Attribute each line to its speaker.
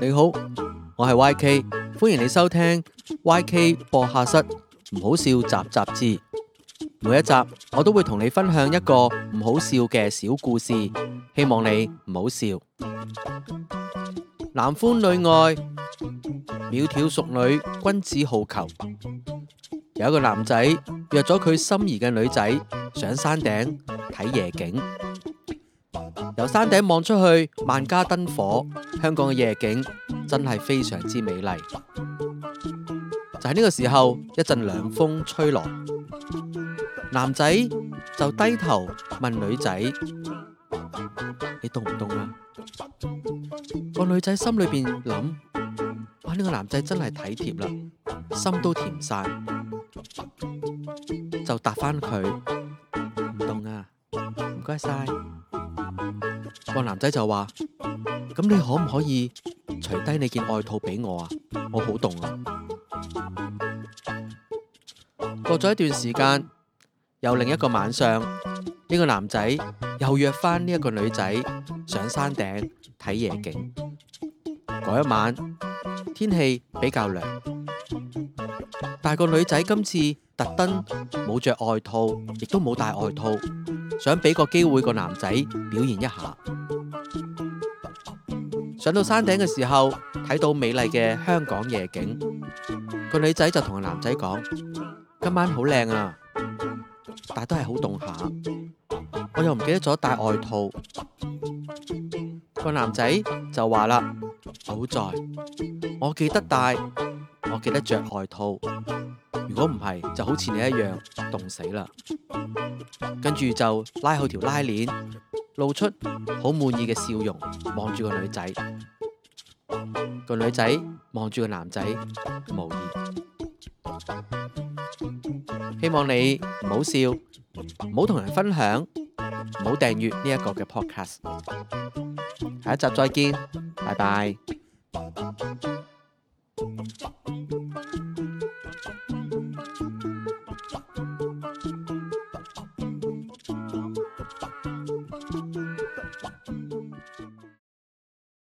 Speaker 1: 你好，我係 Y K，歡迎你收聽 Y K 播客室唔好笑集雜誌。每一集我都會同你分享一個唔好笑嘅小故事，希望你唔好笑。男歡女愛，窈窕淑女，君子好逑。有一個男仔約咗佢心儀嘅女仔上山頂睇夜景。由山頂望出去，萬家燈火，香港嘅夜景真係非常之美麗。就喺呢個時候，一陣涼風吹來，男仔就低頭問女仔：你凍唔凍啊？個女仔心裏邊諗：哇！呢個男仔真係體貼啦，心都甜晒，就答翻佢：唔凍啊，唔該晒。個男仔就話：咁你可唔可以除低你件外套俾我啊？我好凍啊！過咗一段時間，又另一個晚上，呢個男仔又約翻呢一個女仔上山頂睇夜景。嗰一晚天氣比較涼，但係個女仔今次。特登冇着外套，亦都冇帶外套，想俾個機會個男仔表現一下。上到山頂嘅時候，睇到美麗嘅香港夜景，個女仔就同個男仔講：今晚好靚啊，但都係好凍下，我又唔記得咗帶外套。個男仔就話啦：好在，我記得帶，我記得着外套。如果唔係，就好似你一樣凍死啦。跟住就拉好條拉鏈，露出好滿意嘅笑容，望住個女仔。個女仔望住個男仔，無言。希望你唔好笑，唔好同人分享，唔好訂閱呢一個嘅 podcast。下一集再見，拜拜。